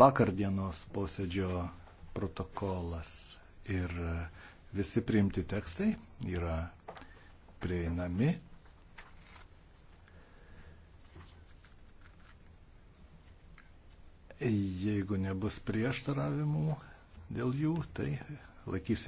vakardienos posėdžio protokolas ir visi priimti tekstai yra prieinami. Jeigu nebus prieštaravimų dėl jų, tai laikysim.